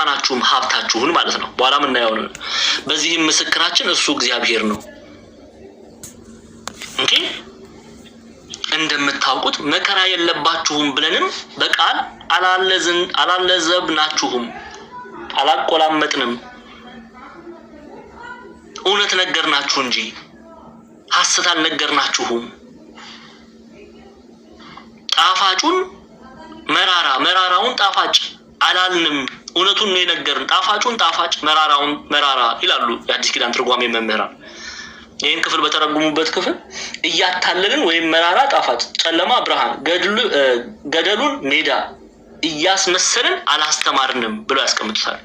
አልቀማናችሁም ሀብታችሁን ማለት ነው። በኋላ ምናየው ነው። በዚህም ምስክራችን እሱ እግዚአብሔር ነው። እንዴ እንደምታውቁት መከራ የለባችሁም ብለንም በቃል አላለዘብናችሁም፣ አላቆላመጥንም። እውነት ነገርናችሁ እንጂ ሐሰት አልነገርናችሁም። ጣፋጩን መራራ መራራውን ጣፋጭ አላልንም። እውነቱን ነው የነገርን፣ ጣፋጩን ጣፋጭ መራራውን መራራ ይላሉ የአዲስ ኪዳን ትርጓሜ መምህራን። ይህን ክፍል በተረጉሙበት ክፍል እያታለልን ወይም መራራ ጣፋጭ፣ ጨለማ ብርሃን፣ ገደሉን ሜዳ እያስመሰልን አላስተማርንም ብለው ያስቀምጡታል።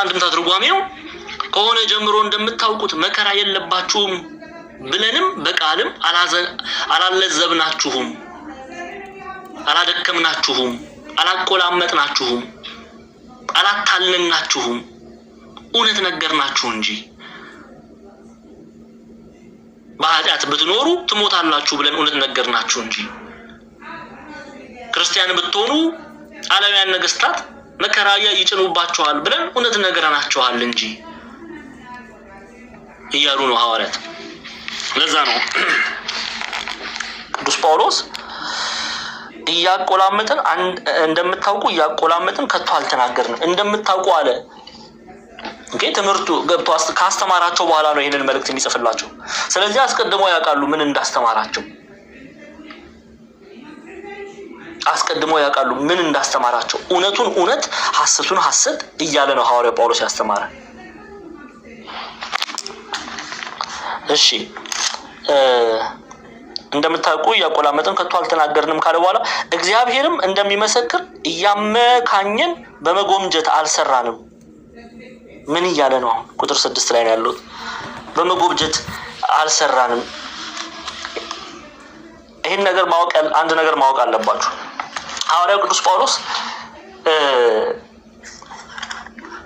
አንድምታ ትርጓሜው ከሆነ ጀምሮ እንደምታውቁት መከራ የለባችሁም ብለንም በቃልም አላለዘብናችሁም፣ አላደከምናችሁም፣ አላቆላመጥናችሁም አላታለልናችሁም፣ እውነት ነገርናችሁ እንጂ በኃጢአት ብትኖሩ ትሞታላችሁ ብለን እውነት ነገርናችሁ እንጂ ክርስቲያን ብትሆኑ ዓለማውያን ነገስታት መከራ ይጭኑባችኋል ብለን እውነት ነገርናችኋል እንጂ እያሉ ነው ሐዋርያት። ለዛ ነው ቅዱስ ጳውሎስ እያቆላመጥን እንደምታውቁ እያቆላመጥን ከቶ አልተናገርንም እንደምታውቁ አለ። ግን ትምህርቱ ገብቶ ካስተማራቸው በኋላ ነው ይህንን መልእክት የሚጽፍላቸው። ስለዚህ አስቀድሞ ያውቃሉ ምን እንዳስተማራቸው አስቀድሞ ያውቃሉ ምን እንዳስተማራቸው። እውነቱን እውነት ሐሰቱን ሐሰት እያለ ነው ሐዋርያው ጳውሎስ ያስተማረ። እሺ እንደምታውቁ እያቆላመጥን ከቶ አልተናገርንም ካለ በኋላ እግዚአብሔርም እንደሚመሰክር እያመካኘን በመጎምጀት አልሰራንም። ምን እያለ ነው? አሁን ቁጥር ስድስት ላይ ያለው በመጎምጀት አልሰራንም። ይህን ነገር ማወቅ አንድ ነገር ማወቅ አለባችሁ። ሐዋርያው ቅዱስ ጳውሎስ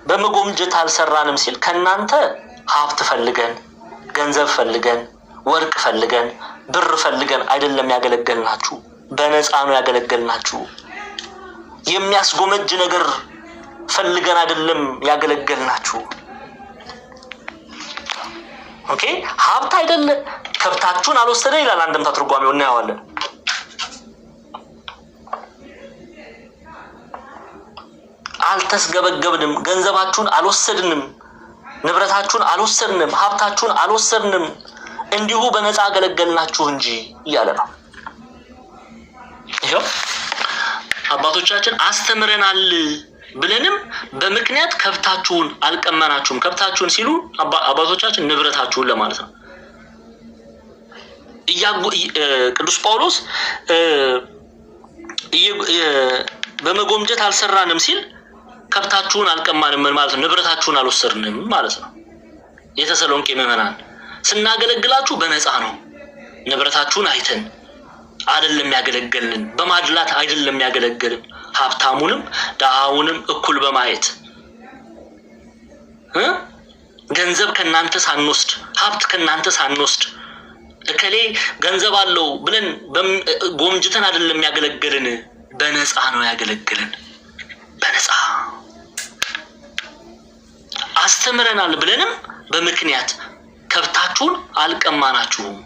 በመጎምጀት አልሰራንም ሲል ከእናንተ ሀብት ፈልገን ገንዘብ ፈልገን ወርቅ ፈልገን ብር ፈልገን አይደለም ያገለገልናችሁ፣ በነፃ ነው ያገለገልናችሁ። የሚያስጎመጅ ነገር ፈልገን አይደለም ያገለገልናችሁ። ኦኬ ሀብት አይደለ ከብታችሁን አልወሰደ ይላል አንድምታ ትርጓሜው እናየዋለን። አልተስገበገብንም፣ ገንዘባችሁን አልወሰድንም፣ ንብረታችሁን አልወሰድንም፣ ሀብታችሁን አልወሰድንም። እንዲሁ በነፃ አገለገልናችሁ እንጂ እያለ ነው። ይኸው አባቶቻችን አስተምረናል ብለንም በምክንያት ከብታችሁን አልቀመናችሁም። ከብታችሁን ሲሉ አባቶቻችን ንብረታችሁን ለማለት ነው። ቅዱስ ጳውሎስ በመጎምጀት አልሰራንም ሲል ከብታችሁን አልቀማንም ማለት ነው፣ ንብረታችሁን አልወሰድንም ማለት ነው። የተሰሎንቄ ምዕመናን ስናገለግላችሁ በነፃ ነው። ንብረታችሁን አይተን አይደለም ያገለገልን፣ በማድላት አይደለም ያገለገልን። ሀብታሙንም ድሃውንም እኩል በማየት ገንዘብ ከእናንተ ሳንወስድ ሀብት ከእናንተ ሳንወስድ እከሌ ገንዘብ አለው ብለን ጎምጅተን አይደለም ያገለገልን፣ በነፃ ነው ያገለገልን። በነፃ አስተምረናል ብለንም በምክንያት ከብታችሁን አልቀማናችሁም።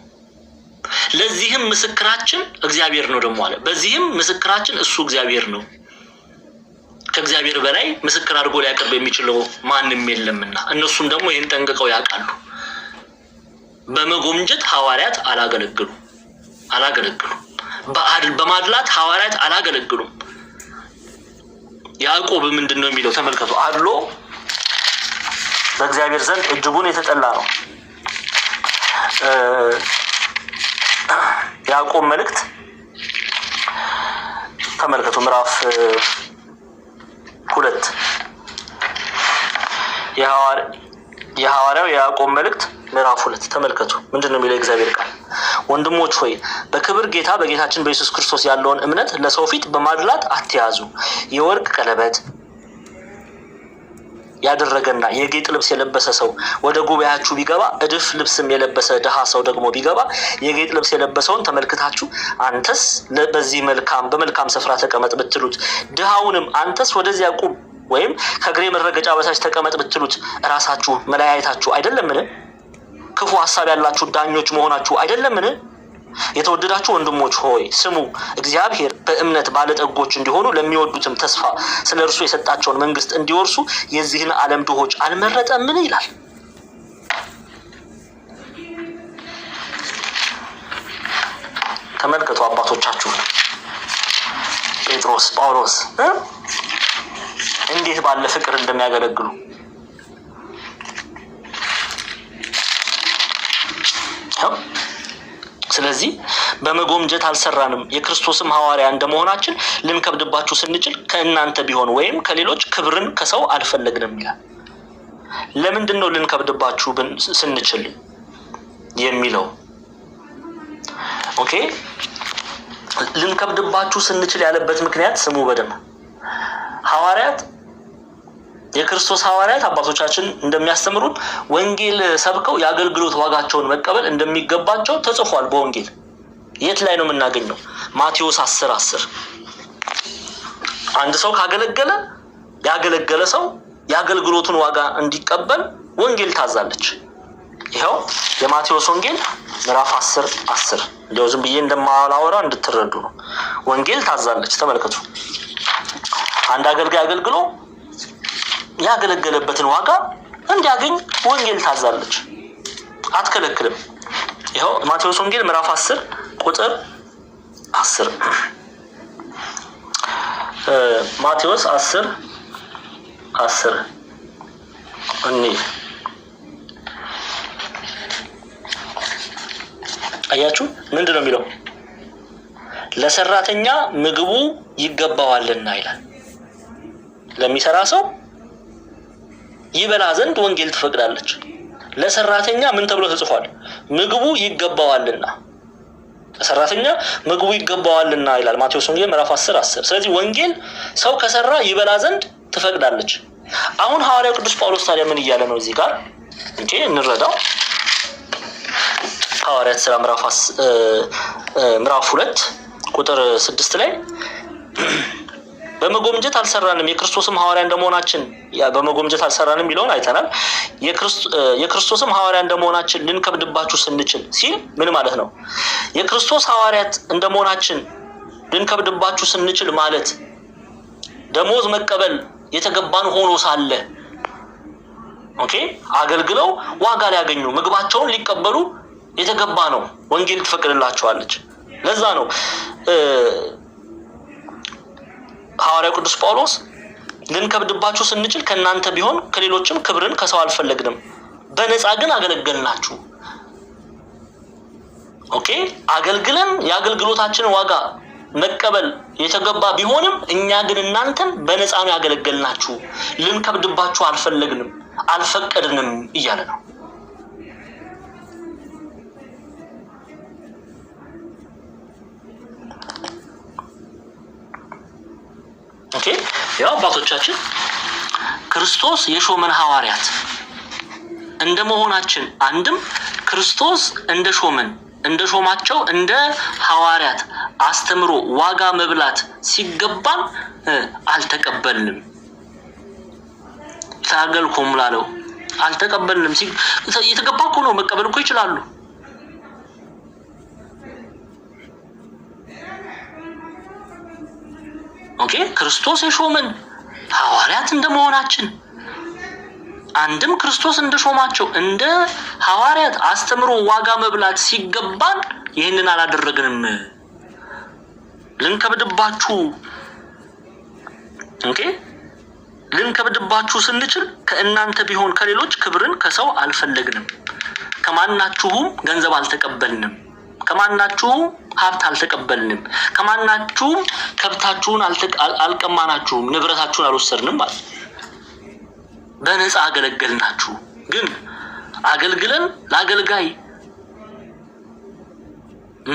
ለዚህም ምስክራችን እግዚአብሔር ነው ደግሞ አለ። በዚህም ምስክራችን እሱ እግዚአብሔር ነው። ከእግዚአብሔር በላይ ምስክር አድርጎ ሊያቀርብ የሚችለው ማንም የለምና እነሱም ደግሞ ይህን ጠንቅቀው ያውቃሉ። በመጎምጀት ሐዋርያት አላገለግሉ አላገለግሉ በማድላት ሐዋርያት አላገለግሉም። ያዕቆብ ምንድን ነው የሚለው? ተመልከቱ። አድሎ በእግዚአብሔር ዘንድ እጅጉን የተጠላ ነው። ያዕቆብ መልእክት ተመልከቱ ምዕራፍ ሁለት የሐዋርያው የያዕቆብ መልእክት ምዕራፍ ሁለት ተመልከቱ። ምንድን ነው የሚለው እግዚአብሔር ቃል? ወንድሞች ሆይ በክብር ጌታ በጌታችን በኢየሱስ ክርስቶስ ያለውን እምነት ለሰው ፊት በማድላት አትያዙ። የወርቅ ቀለበት ያደረገና የጌጥ ልብስ የለበሰ ሰው ወደ ጉባኤያችሁ ቢገባ እድፍ ልብስም የለበሰ ድሃ ሰው ደግሞ ቢገባ የጌጥ ልብስ የለበሰውን ተመልክታችሁ አንተስ በዚህ መልካም በመልካም ስፍራ ተቀመጥ ብትሉት፣ ድሃውንም አንተስ ወደዚያ ቁም ወይም ከእግሬ መረገጫ በታች ተቀመጥ ብትሉት እራሳችሁ መለያየታችሁ አይደለምን? ክፉ ሀሳብ ያላችሁ ዳኞች መሆናችሁ አይደለምን? የተወደዳችሁ ወንድሞች ሆይ ስሙ። እግዚአብሔር በእምነት ባለጠጎች እንዲሆኑ ለሚወዱትም ተስፋ ስለ እርሱ የሰጣቸውን መንግስት እንዲወርሱ የዚህን ዓለም ድሆች አልመረጠምን ይላል። ተመልከቱ አባቶቻችሁ ጴጥሮስ፣ ጳውሎስ እንዴት ባለ ፍቅር እንደሚያገለግሉ ስለዚህ በመጎምጀት አልሰራንም። የክርስቶስም ሐዋርያ እንደመሆናችን ልንከብድባችሁ ስንችል ከእናንተ ቢሆን ወይም ከሌሎች ክብርን ከሰው አልፈለግንም ይላል። ለምንድን ነው ልንከብድባችሁ ስንችል የሚለው? ኦኬ ልንከብድባችሁ ስንችል ያለበት ምክንያት ስሙ በደንብ ሐዋርያት የክርስቶስ ሐዋርያት አባቶቻችን እንደሚያስተምሩን ወንጌል ሰብከው የአገልግሎት ዋጋቸውን መቀበል እንደሚገባቸው ተጽፏል። በወንጌል የት ላይ ነው የምናገኘው? ማቴዎስ አስር አስር አንድ ሰው ካገለገለ ያገለገለ ሰው የአገልግሎቱን ዋጋ እንዲቀበል ወንጌል ታዛለች። ይኸው የማቴዎስ ወንጌል ምዕራፍ አስር አስር እንዲያው ዝም ብዬ እንደማላወራ እንድትረዱ ነው። ወንጌል ታዛለች። ተመልከቱ። አንድ አገልጋይ አገልግሎ ያገለገለበትን ዋጋ እንዲያገኝ ወንጌል ታዛለች፣ አትከለክልም። ይኸው ማቴዎስ ወንጌል ምዕራፍ አስር ቁጥር አስር ማቴዎስ አስር አስር እኒ አያችሁ ምንድን ነው የሚለው? ለሰራተኛ ምግቡ ይገባዋልና ይላል። ለሚሰራ ሰው ይበላ ዘንድ ወንጌል ትፈቅዳለች። ለሰራተኛ ምን ተብሎ ተጽፏል? ምግቡ ይገባዋልና ሰራተኛ ምግቡ ይገባዋልና ይላል ማቴዎስ ወንጌል ምዕራፍ 10 10። ስለዚህ ወንጌል ሰው ከሰራ ይበላ ዘንድ ትፈቅዳለች። አሁን ሐዋርያው ቅዱስ ጳውሎስ ታዲያ ምን እያለ ነው? እዚህ ጋር እንዴ እንረዳው። ሐዋርያት ስራ ምዕራፍ ሁለት ቁጥር ስድስት ላይ በመጎምጀት አልሰራንም፣ የክርስቶስም ሐዋርያ እንደመሆናችን በመጎምጀት አልሰራንም የሚለውን አይተናል። የክርስቶስም ሐዋርያ እንደመሆናችን ልንከብድባችሁ ስንችል ሲል ምን ማለት ነው? የክርስቶስ ሐዋርያት እንደመሆናችን ልንከብድባችሁ ስንችል ማለት ደሞዝ መቀበል የተገባን ሆኖ ሳለ ኦኬ፣ አገልግለው ዋጋ ሊያገኙ ምግባቸውን ሊቀበሉ የተገባ ነው። ወንጌል ትፈቅድላቸዋለች። ለዛ ነው ሐዋርያ ቅዱስ ጳውሎስ ልንከብድባችሁ ስንችል ከእናንተ ቢሆን ከሌሎችም ክብርን ከሰው አልፈለግንም፣ በነፃ ግን አገለገልናችሁ። ኦኬ አገልግለን የአገልግሎታችንን ዋጋ መቀበል የተገባ ቢሆንም እኛ ግን እናንተን በነፃ ነው ያገለገልናችሁ፣ ልንከብድባችሁ አልፈለግንም፣ አልፈቀድንም እያለ ነው። ኦኬ ያው አባቶቻችን ክርስቶስ የሾመን ሐዋርያት እንደ መሆናችን አንድም ክርስቶስ እንደ ሾመን እንደ ሾማቸው እንደ ሐዋርያት አስተምሮ ዋጋ መብላት ሲገባን አልተቀበልንም። ታገልኩም ላለው አልተቀበልንም። የተገባ እኮ ነው፣ መቀበል እኮ ይችላሉ። ኦኬ ክርስቶስ የሾመን ሐዋርያት እንደመሆናችን አንድም ክርስቶስ እንደሾማቸው እንደ ሐዋርያት አስተምሮ ዋጋ መብላት ሲገባን ይህንን አላደረግንም። ልንከብድባችሁ ኦኬ ልንከብድባችሁ ስንችል ከእናንተ ቢሆን ከሌሎች ክብርን ከሰው አልፈለግንም፣ ከማናችሁም ገንዘብ አልተቀበልንም። ከማናችሁም ሀብት አልተቀበልንም፣ ከማናችሁም ከብታችሁን አልቀማናችሁም፣ ንብረታችሁን አልወሰድንም ማለት በነፃ አገለገልናችሁ። ግን አገልግለን ለአገልጋይ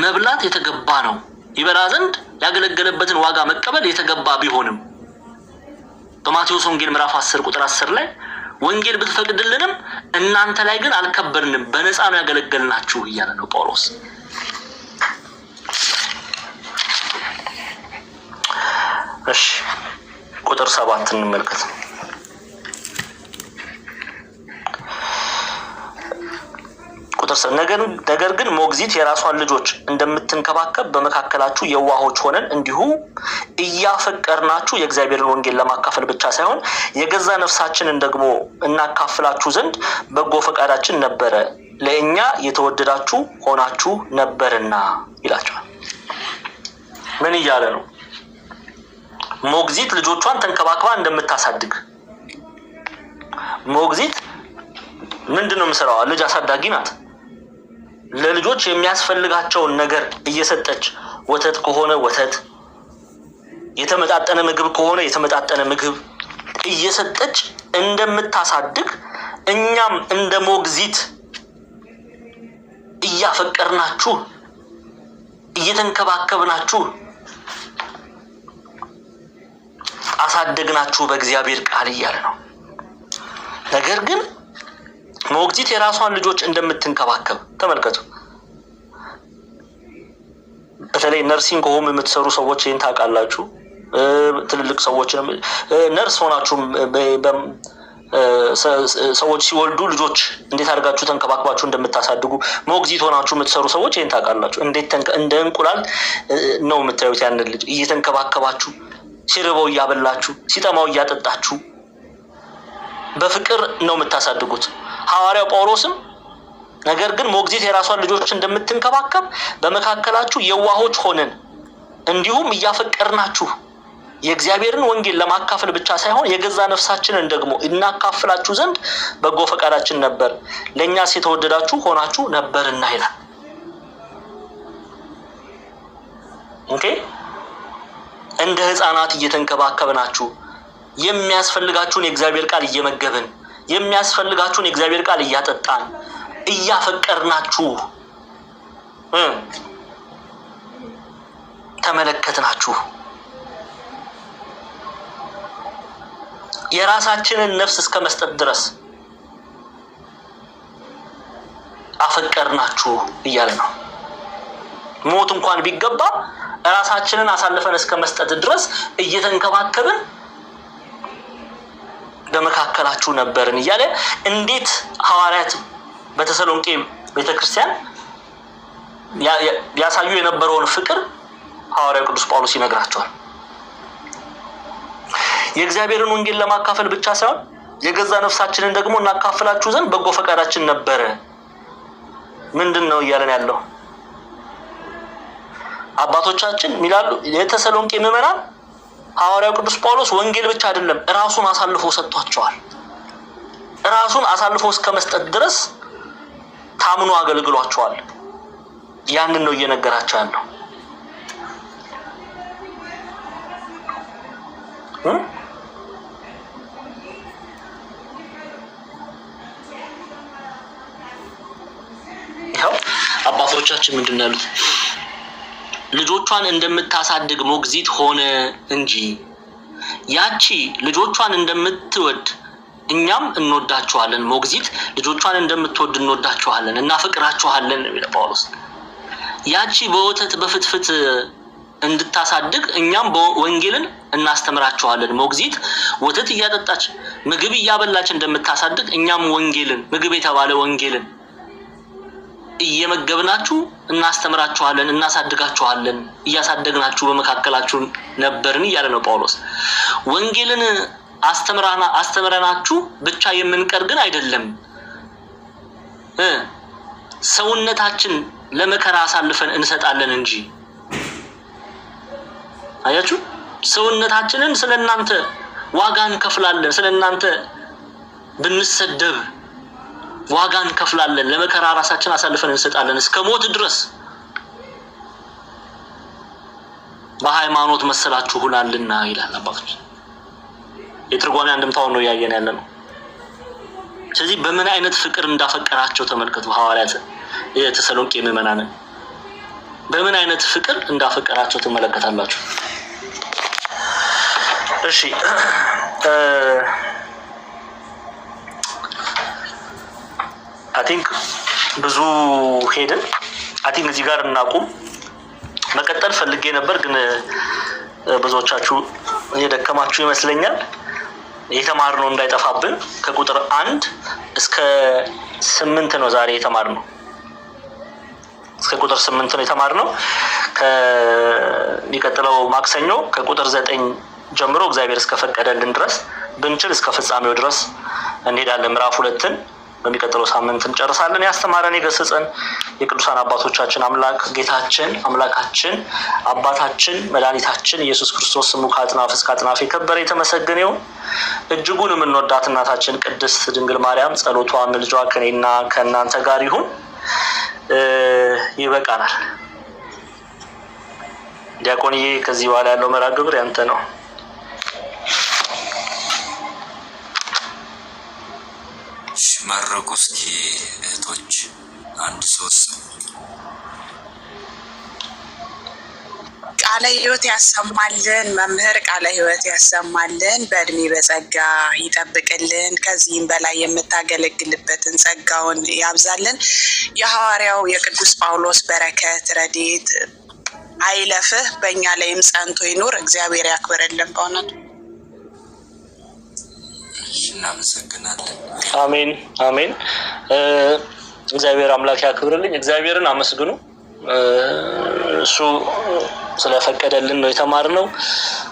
መብላት የተገባ ነው። ይበላ ዘንድ ያገለገለበትን ዋጋ መቀበል የተገባ ቢሆንም በማቴዎስ ወንጌል ምዕራፍ አስር ቁጥር አስር ላይ ወንጌል ብትፈቅድልንም እናንተ ላይ ግን አልከበርንም፣ በነፃ ነው ያገለገልናችሁ እያለ ነው ጳውሎስ። እሺ ቁጥር ሰባት እንመልከት። ወሰደ። ነገር ግን ሞግዚት የራሷን ልጆች እንደምትንከባከብ በመካከላችሁ የዋሆች ሆነን እንዲሁ እያፈቀርናችሁ የእግዚአብሔርን ወንጌል ለማካፈል ብቻ ሳይሆን የገዛ ነፍሳችንን ደግሞ እናካፍላችሁ ዘንድ በጎ ፈቃዳችን ነበረ። ለእኛ የተወደዳችሁ ሆናችሁ ነበርና ይላቸዋል። ምን እያለ ነው? ሞግዚት ልጆቿን ተንከባክባ እንደምታሳድግ ሞግዚት ምንድን ነው የምሰራዋ? ልጅ አሳዳጊ ናት። ለልጆች የሚያስፈልጋቸውን ነገር እየሰጠች ወተት ከሆነ ወተት፣ የተመጣጠነ ምግብ ከሆነ የተመጣጠነ ምግብ እየሰጠች እንደምታሳድግ እኛም እንደ ሞግዚት እያፈቀርናችሁ እየተንከባከብናችሁ አሳደግናችሁ በእግዚአብሔር ቃል እያለ ነው። ነገር ግን ሞግዚት የራሷን ልጆች እንደምትንከባከብ ተመልከቱ። በተለይ ነርሲንግ ሆም የምትሰሩ ሰዎች ይህን ታውቃላችሁ። ትልልቅ ሰዎችንም ነርስ ሆናችሁ ሰዎች ሲወልዱ ልጆች እንዴት አድርጋችሁ ተንከባክባችሁ እንደምታሳድጉ ሞግዚት ሆናችሁ የምትሰሩ ሰዎች ይህን ታውቃላችሁ። እንዴት እንደ እንቁላል ነው የምታዩት ያንን ልጅ እየተንከባከባችሁ፣ ሲርበው እያበላችሁ፣ ሲጠማው እያጠጣችሁ በፍቅር ነው የምታሳድጉት። ሐዋርያው ጳውሎስም ነገር ግን ሞግዚት የራሷን ልጆች እንደምትንከባከብ በመካከላችሁ የዋሆች ሆነን እንዲሁም እያፈቀርናችሁ የእግዚአብሔርን ወንጌል ለማካፈል ብቻ ሳይሆን የገዛ ነፍሳችንን ደግሞ እናካፍላችሁ ዘንድ በጎ ፈቃዳችን ነበር፣ ለእኛስ የተወደዳችሁ ሆናችሁ ነበርና ይላል። ኦኬ እንደ እየተንከባከብ እየተንከባከብናችሁ የሚያስፈልጋችሁን የእግዚአብሔር ቃል እየመገብን የሚያስፈልጋችሁን የእግዚአብሔር ቃል እያጠጣን እያፈቀርናችሁ ተመለከትናችሁ። የራሳችንን ነፍስ እስከ መስጠት ድረስ አፈቀርናችሁ እያለ ነው። ሞት እንኳን ቢገባ ራሳችንን አሳልፈን እስከ መስጠት ድረስ እየተንከባከብን በመካከላችሁ ነበርን እያለ እንዴት ሐዋርያት በተሰሎንቄ ቤተ ክርስቲያን ያሳዩ የነበረውን ፍቅር ሐዋርያው ቅዱስ ጳውሎስ ይነግራቸዋል። የእግዚአብሔርን ወንጌል ለማካፈል ብቻ ሳይሆን የገዛ ነፍሳችንን ደግሞ እናካፍላችሁ ዘንድ በጎ ፈቃዳችን ነበረ። ምንድን ነው እያለን ያለው? አባቶቻችን ሚላሉ የተሰሎንቄ ምዕመናን ሐዋርያው ቅዱስ ጳውሎስ ወንጌል ብቻ አይደለም ራሱን አሳልፎ ሰጥቷቸዋል። ራሱን አሳልፎ እስከ መስጠት ድረስ ታምኖ አገልግሏቸዋል። ያንን ነው እየነገራቸው ያለው። አባቶቻችን ምንድን ነው ያሉት? ልጆቿን እንደምታሳድግ ሞግዚት ሆነ እንጂ ያቺ ልጆቿን እንደምትወድ እኛም እንወዳችኋለን። ሞግዚት ልጆቿን እንደምትወድ እንወዳችኋለን፣ እናፈቅራችኋለን የሚለ ጳውሎስ ያቺ በወተት በፍትፍት እንድታሳድግ እኛም ወንጌልን እናስተምራችኋለን። ሞግዚት ወተት እያጠጣች ምግብ እያበላች እንደምታሳድግ እኛም ወንጌልን ምግብ የተባለ ወንጌልን እየመገብናችሁ እናስተምራችኋለን፣ እናሳድጋችኋለን፣ እያሳደግናችሁ በመካከላችሁ ነበርን እያለ ነው ጳውሎስ። ወንጌልን አስተምረናችሁ ብቻ የምንቀር ግን አይደለም ሰውነታችን ለመከራ አሳልፈን እንሰጣለን እንጂ። አያችሁ፣ ሰውነታችንን ስለ እናንተ ዋጋ እንከፍላለን፣ ስለ እናንተ ብንሰደብ ዋጋ እንከፍላለን፣ ለመከራ ራሳችን አሳልፈን እንሰጣለን እስከ ሞት ድረስ በሃይማኖት መሰላችሁ ሁናልና ይላል አባቶች። የትርጓሜ አንድምታውን ነው እያየን ያለ ነው። ስለዚህ በምን አይነት ፍቅር እንዳፈቀራቸው ተመልከቱ። ሐዋርያት የተሰሎንቄ ምዕመናንን በምን አይነት ፍቅር እንዳፈቀራቸው ትመለከታላችሁ። እሺ አይ ቲንክ ብዙ ሄድን። አይ ቲንክ እዚህ ጋር እናቁም። መቀጠል ፈልጌ ነበር ግን ብዙዎቻችሁ የደከማችሁ ይመስለኛል። የተማርነው እንዳይጠፋብን ከቁጥር አንድ እስከ ስምንት ነው ዛሬ የተማርነው። እስከ ቁጥር ስምንት ነው የተማርነው። ከሚቀጥለው ማክሰኞ ከቁጥር ዘጠኝ ጀምሮ እግዚአብሔር እስከፈቀደልን ድረስ ብንችል እስከ ፍጻሜው ድረስ እንሄዳለን ምዕራፍ ሁለትን በሚቀጥለው ሳምንት እንጨርሳለን። ያስተማረን የገሰጸን የቅዱሳን አባቶቻችን አምላክ ጌታችን አምላካችን አባታችን መድኃኒታችን ኢየሱስ ክርስቶስ ስሙ ከአጥናፍ እስከ አጥናፍ የከበረ የተመሰገነ ይሁን። እጅጉን የምንወዳት እናታችን ቅድስት ድንግል ማርያም ጸሎቷ፣ ምልጇ ከኔና ከእናንተ ጋር ይሁን። ይበቃናል። ዲያቆንዬ፣ ከዚህ በኋላ ያለው መራግብር ግብር ያንተ ነው። መርቁ እስኪ እህቶች፣ አንድ ሶስት ቃለ ህይወት ያሰማልን። መምህር ቃለ ህይወት ያሰማልን፣ በእድሜ በጸጋ ይጠብቅልን፣ ከዚህም በላይ የምታገለግልበትን ጸጋውን ያብዛልን። የሐዋርያው የቅዱስ ጳውሎስ በረከት ረዴት አይለፍህ፣ በእኛ ላይም ጸንቶ ይኑር። እግዚአብሔር ያክብርልን በእውነቱ ልጅ እናመሰግናለን። አሜን አሜን። እግዚአብሔር አምላክ ያክብርልኝ። እግዚአብሔርን አመስግኑ። እሱ ስለፈቀደልን ነው የተማርነው።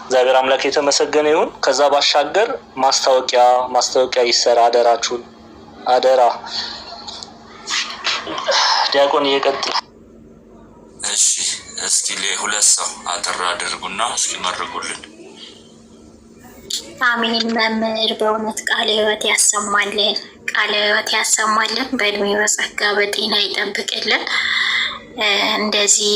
እግዚአብሔር አምላክ የተመሰገነ ይሁን። ከዛ ባሻገር ማስታወቂያ ማስታወቂያ ይሰራ። አደራችሁን አደራ። ዲያቆን እየቀጥል እሺ። እስኪ ሁለት ሰው አጠር አድርጉና እስኪ መርቁልን። አሜን። መምህር በእውነት ቃለ ሕይወት ያሰማልን፣ ቃለ ሕይወት ያሰማልን፣ በእድሜ በጸጋ በጤና ይጠብቅልን። እንደዚህ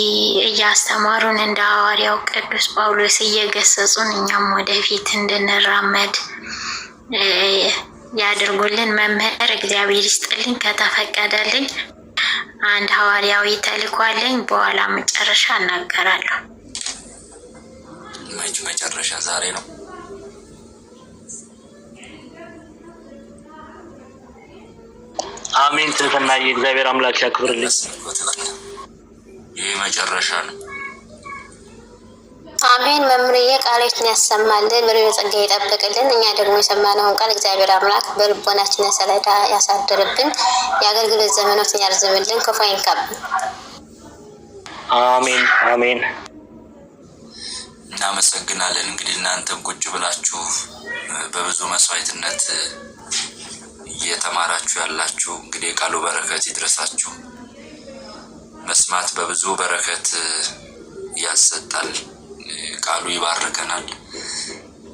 እያስተማሩን እንደ ሐዋርያው ቅዱስ ጳውሎስ እየገሰጹን እኛም ወደፊት እንድንራመድ ያድርጉልን። መምህር እግዚአብሔር ይስጥልኝ። ከተፈቀደልኝ አንድ ሐዋርያዊ ተልኳለኝ፣ በኋላ መጨረሻ እናገራለሁ። መጨረሻ ዛሬ ነው። አሜን። ትህትና የእግዚአብሔር አምላክ ያክብርልኝ። ይህ መጨረሻ ነው። አሜን። መምርዬ ቃሎችን ያሰማልን፣ ምሪ ጸጋ ይጠብቅልን። እኛ ደግሞ የሰማነውን ቃል እግዚአብሔር አምላክ በልቦናችን ሰሌዳ ያሳድርብን፣ የአገልግሎት ዘመኖትን ያርዝምልን፣ ክፉ አይንካብን። አሜን አሜን። እናመሰግናለን። እንግዲህ እናንተም ቁጭ ብላችሁ በብዙ መስዋዕትነት እየተማራችሁ ያላችሁ እንግዲህ የቃሉ በረከት ይድረሳችሁ። መስማት በብዙ በረከት ያሰጣል። ቃሉ ይባርከናል።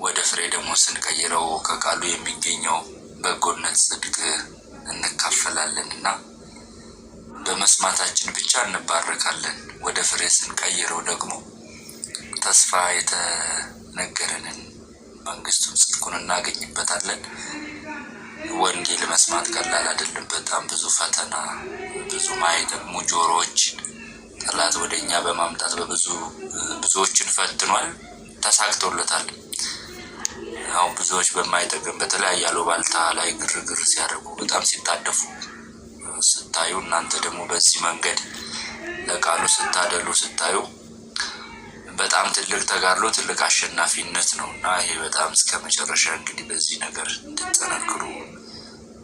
ወደ ፍሬ ደግሞ ስንቀይረው ከቃሉ የሚገኘው በጎነት፣ ጽድቅ እንካፈላለን እና በመስማታችን ብቻ እንባረካለን። ወደ ፍሬ ስንቀይረው ደግሞ ተስፋ የተነገረንን መንግስቱን ጽድቁን እናገኝበታለን። ወንጌል መስማት ቀላል አይደለም። በጣም ብዙ ፈተና፣ ብዙ ማይጠቅሙ ጆሮዎችን ጠላት ወደ እኛ በማምጣት በብዙ ብዙዎችን ፈትኗል፣ ተሳክቶለታል። አሁን ብዙዎች በማይጠቅም በተለያየ አሉባልታ ላይ ግርግር ሲያደርጉ በጣም ሲታደፉ ስታዩ እናንተ ደግሞ በዚህ መንገድ ለቃሉ ስታደሉ ስታዩ በጣም ትልቅ ተጋድሎ ትልቅ አሸናፊነት ነው እና ይሄ በጣም እስከ መጨረሻ እንግዲህ በዚህ ነገር እንድጠነክሩ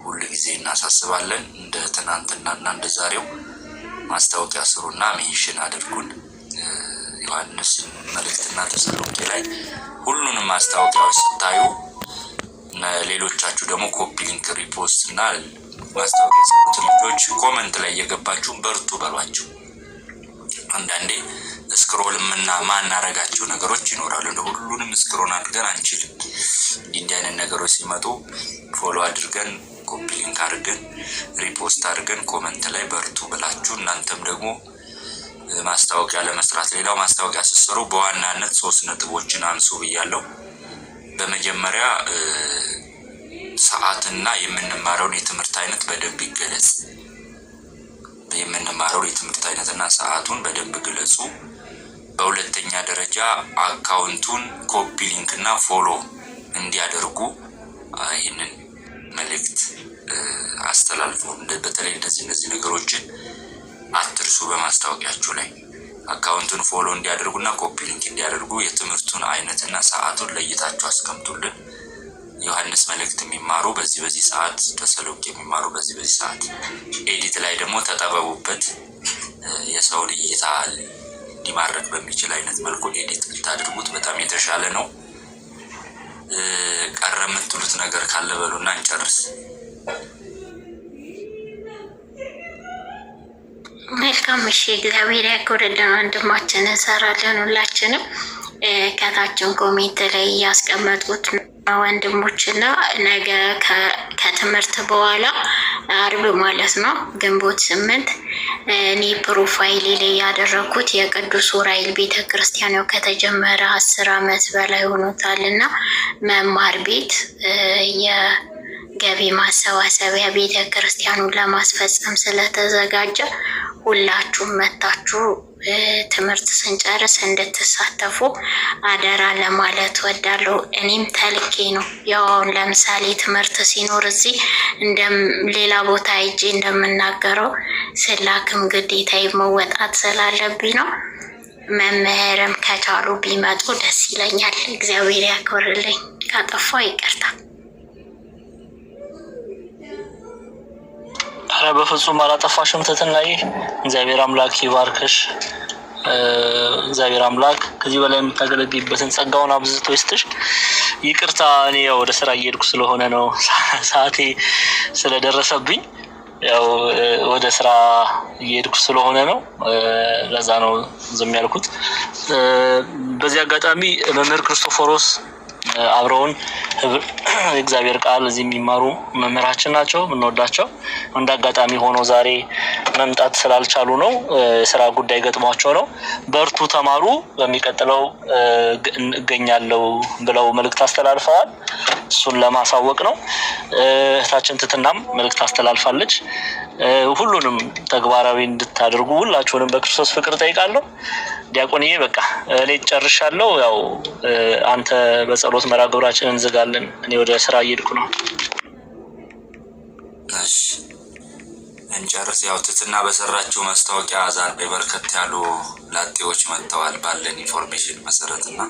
ሁል ጊዜ እናሳስባለን። እንደ ትናንትናና እንደ ዛሬው ማስታወቂያ ስሩና ሜንሽን አድርጉን። ዮሐንስ መልእክትና ተሰሎንቄ ላይ ሁሉንም ማስታወቂያዎች ስታዩ ሌሎቻችሁ ደግሞ ኮፒ ሊንክ፣ ሪፖስት እና ማስታወቂያ ሰሩት ልጆች ኮመንት ላይ እየገባችሁ በርቱ በሏቸው አንዳንዴ ስክሮል ምና ማናረጋቸው ነገሮች ይኖራሉ። እንደ ሁሉንም ስክሮን አድርገን አንችልም። እንዲህ አይነት ነገሮች ሲመጡ ፎሎ አድርገን ኮፒ ሊንክ አድርገን ሪፖስት አድርገን ኮመንት ላይ በርቱ ብላችሁ እናንተም ደግሞ ማስታወቂያ ለመስራት ሌላው ማስታወቂያ ስትሰሩ በዋናነት ሶስት ነጥቦችን አንሱ ብያለሁ። በመጀመሪያ ሰዓትና የምንማረውን የትምህርት አይነት በደንብ ይገለጽ። የምንማረውን የትምህርት አይነትና ሰዓቱን በደንብ ግለጹ። በሁለተኛ ደረጃ አካውንቱን ኮፒ ሊንክ እና ፎሎ እንዲያደርጉ ይህንን መልእክት አስተላልፎ በተለይ እንደዚህ እነዚህ ነገሮችን አትርሱ። በማስታወቂያችሁ ላይ አካውንቱን ፎሎ እንዲያደርጉና ኮፒ ሊንክ እንዲያደርጉ የትምህርቱን አይነትና ሰዓቱን ለይታችሁ አስቀምጡልን። ዮሐንስ መልእክት የሚማሩ በዚህ በዚህ ሰዓት፣ ተሰሎንቄ የሚማሩ በዚህ በዚህ ሰዓት። ኤዲት ላይ ደግሞ ተጠበቡበት። የሰውን እይታ ሊማርክ በሚችል አይነት መልኩ ኤዲት ብታድርጉት በጣም የተሻለ ነው። ቀረ የምትሉት ነገር ካለ በሉና እንጨርስ። መልካም እሺ፣ እግዚአብሔር ያክብርልን ወንድማችን። እንሰራለን ሁላችንም። ከታችን ኮሜንት ላይ እያስቀመጡት ወንድሞች እና ነገ ከትምህርት በኋላ አርብ ማለት ነው ግንቦት ስምንት እኔ ፕሮፋይል ላይ ያደረኩት የቅዱስ ዑራኤል ቤተ ክርስቲያን ከተጀመረ አስር አመት በላይ ሆኖታል እና መማር ቤት የገቢ ማሰባሰቢያ ቤተ ክርስቲያኑን ለማስፈጸም ስለተዘጋጀ ሁላችሁም መታችሁ ትምህርት ስንጨርስ እንድትሳተፉ አደራ ለማለት ወዳለሁ። እኔም ተልኬ ነው ያው ለምሳሌ ትምህርት ሲኖር እዚህ ሌላ ቦታ ሄጄ እንደምናገረው ስላክም ግዴታ መወጣት ስላለብኝ ነው። መምህርም ከቻሉ ቢመጡ ደስ ይለኛል። እግዚአብሔር ያክብርልኝ፣ ካጠፋው ይቅርታ። ኧረ በፍጹም አላጠፋሽም ትትናዬ። እግዚአብሔር አምላክ ይባርክሽ። እግዚአብሔር አምላክ ከዚህ በላይ የምታገለግይበትን ጸጋውን አብዝቶ ይስጥሽ። ይቅርታ፣ እኔ ያው ወደ ስራ እየሄድኩ ስለሆነ ነው ሰዓቴ ስለደረሰብኝ ያው ወደ ስራ እየሄድኩ ስለሆነ ነው። ለዛ ነው ዝም ያልኩት። በዚህ አጋጣሚ መምህር ክርስቶፎሮስ አብረውን እግዚአብሔር ቃል እዚህ የሚማሩ መምህራችን ናቸው የምንወዳቸው። እንደ አጋጣሚ ሆኖ ዛሬ መምጣት ስላልቻሉ ነው፣ የስራ ጉዳይ ገጥሟቸው ነው። በርቱ፣ ተማሩ፣ በሚቀጥለው እገኛለው ብለው መልእክት አስተላልፈዋል። እሱን ለማሳወቅ ነው። እህታችን ትትናም መልእክት አስተላልፋለች። ሁሉንም ተግባራዊ እንድታደርጉ ሁላችሁንም በክርስቶስ ፍቅር ጠይቃለሁ። ዲያቆንዬ በቃ እኔ ጨርሻለሁ። ያው አንተ በጸሎት መራግብራችን እንዝጋለን እኔ ወደ ስራ እየሄድኩ ነው። እሺ እንጨርስ። ያው ትትና በሰራችው ማስታወቂያ ዛሬ በርከት ያሉ ላጤዎች መጥተዋል ባለን ኢንፎርሜሽን መሰረትና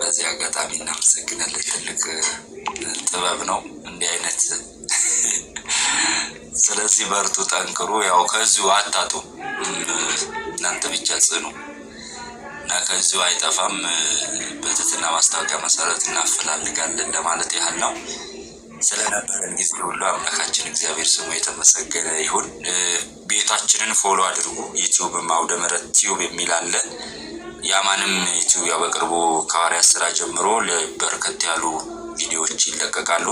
በዚህ አጋጣሚ እናመሰግናለን። ትልቅ ጥበብ ነው እንዲህ አይነት። ስለዚህ በርቱ፣ ጠንክሩ። ያው ከዚሁ አታጡ እናንተ ብቻ ጽኑ። እና ከዚሁ አይጠፋም። በትትና ማስታወቂያ መሰረት እናፈላልጋለን ለማለት ያህል ነው። ስለነበረን ጊዜ ሁሉ አምላካችን እግዚአብሔር ስሙ የተመሰገነ ይሁን። ቤታችንን ፎሎ አድርጉ። ዩቲዩብም አውደ ምሕረት ቲዩብ የሚል አለ። ያማንም ዩቲዩብ ያው በቅርቡ ከሐዋርያት ስራ ጀምሮ በርከት ያሉ ቪዲዮዎች ይለቀቃሉ።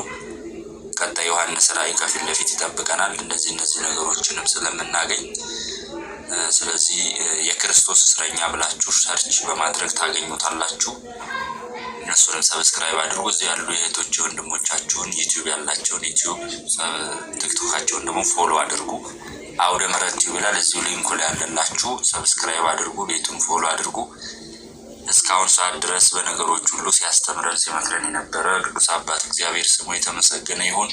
ቀጣይ ዮሐንስ ራእይ ከፊት ለፊት ይጠብቀናል። እነዚህ እነዚህ ነገሮችንም ስለምናገኝ ስለዚህ የክርስቶስ እስረኛ ብላችሁ ሰርች በማድረግ ታገኙታላችሁ። እነሱንም ሰብስክራይብ አድርጉ። እዚህ ያሉ የእህቶች ወንድሞቻችሁን ዩቲዩብ ያላቸውን ዩቲዩብ፣ ቲክቶካቸውን ደግሞ ፎሎ አድርጉ። አውደ ምሕረት ቲዩብ ይላል እዚሁ ሊንኩ ላይ ያለላችሁ። ሰብስክራይብ አድርጉ፣ ቤቱን ፎሎ አድርጉ። እስካሁን ሰዓት ድረስ በነገሮች ሁሉ ሲያስተምረን ሲመክረን የነበረ ቅዱስ አባት እግዚአብሔር ስሙ የተመሰገነ ይሁን።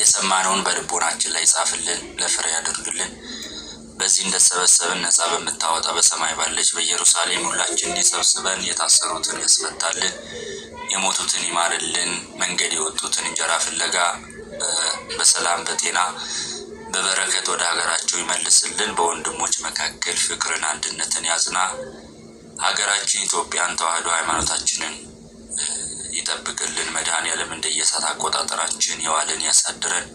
የሰማነውን በልቦናችን ላይ ጻፍልን፣ ለፍሬ ያደርግልን። በዚህ እንደሰበሰብን ነፃ በምታወጣ በሰማይ ባለች በኢየሩሳሌም ሁላችን እንዲሰብስበን የታሰሩትን ያስፈታልን፣ የሞቱትን ይማርልን፣ መንገድ የወጡትን እንጀራ ፍለጋ በሰላም በጤና በበረከት ወደ ሀገራቸው ይመልስልን። በወንድሞች መካከል ፍቅርን፣ አንድነትን ያዝና ሀገራችን ኢትዮጵያን ተዋህዶ ሃይማኖታችንን ይጠብቅልን። መድኃኔ ያለም እንደየሰዓት አቆጣጠራችን የዋልን ያሳድረን።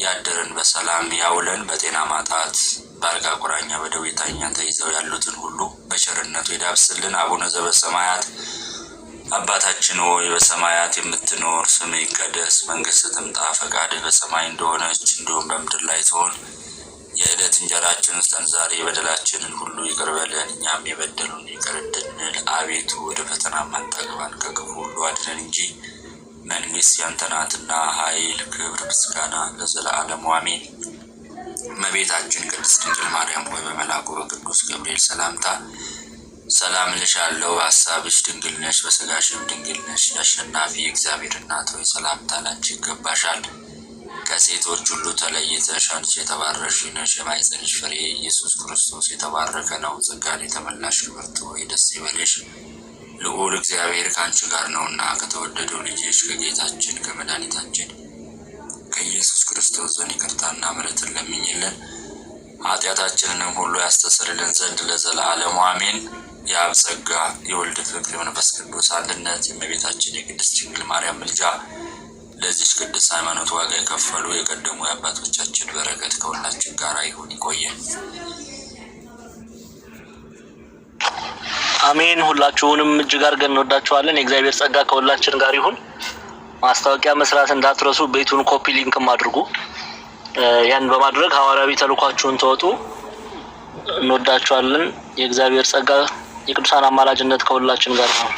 ያደረን በሰላም ያውለን በጤና ማጣት በአልጋ ቁራኛ በደዌ ዳኛ ተይዘው ያሉትን ሁሉ በቸርነቱ ይዳብስልን። አቡነ ዘበሰማያት አባታችን ሆይ በሰማያት የምትኖር ስምህ ይቀደስ፣ መንግስትህ ትምጣ፣ ፈቃድህ በሰማይ እንደሆነች እንዲሁም በምድር ላይ ትሆን። የዕለት እንጀራችንን ስጠን ዛሬ፣ በደላችንን ሁሉ ይቅር በለን እኛም የበደሉን ይቅር እንድንል፣ አቤቱ ወደ ፈተና አታግባን ከክፉ ሁሉ አድነን እንጂ መንግስት ያንተ ናትና፣ ኃይል፣ ክብር፣ ምስጋና ለዘለዓለሙ አሜን። እመቤታችን ቅድስት ድንግል ማርያም ሆይ በመልአኩ በቅዱስ ገብርኤል ሰላምታ ሰላም እልሻለሁ። በሀሳብሽ ድንግል ነሽ፣ በስጋሽም ድንግል ነሽ። የአሸናፊ እግዚአብሔር እናት ሆይ ሰላምታ ላንቺ ይገባሻል። ከሴቶች ሁሉ ተለይተሽ አንቺ የተባረክሽ ነሽ፣ የማኅፀንሽ ፍሬ ኢየሱስ ክርስቶስ የተባረከ ነው። ጸጋን የተመላሽ ክብርት ሆይ ደስ ይበልሽ ልዑል እግዚአብሔር ከአንቺ ጋር ነውና ከተወደደው ልጅሽ ከጌታችን ከመድኃኒታችን ከኢየሱስ ክርስቶስ ዘንድ ይቅርታና ምሕረትን ለምኝልን ኃጢአታችንንም ሁሉ ያስተሰርልን ዘንድ ለዘላለሙ አሜን። የአብ ጸጋ የወልድ ፍቅር የመንፈስ ቅዱስ አንድነት የእመቤታችን የቅድስት ድንግል ማርያም ምልጃ ለዚች ቅድስት ሃይማኖት ዋጋ የከፈሉ የቀደሙ የአባቶቻችን በረከት ከሁላችን ጋር ይሁን። ይቆየን። አሜን። ሁላችሁንም እጅግ አድርገን እንወዳችኋለን። የእግዚአብሔር ጸጋ ከሁላችን ጋር ይሁን። ማስታወቂያ መስራት እንዳትረሱ። ቤቱን ኮፒ ሊንክም አድርጉ። ያን በማድረግ ሐዋርያዊ ተልኳችሁን ተወጡ። እንወዳችኋለን። የእግዚአብሔር ጸጋ የቅዱሳን አማላጅነት ከሁላችን ጋር ነው።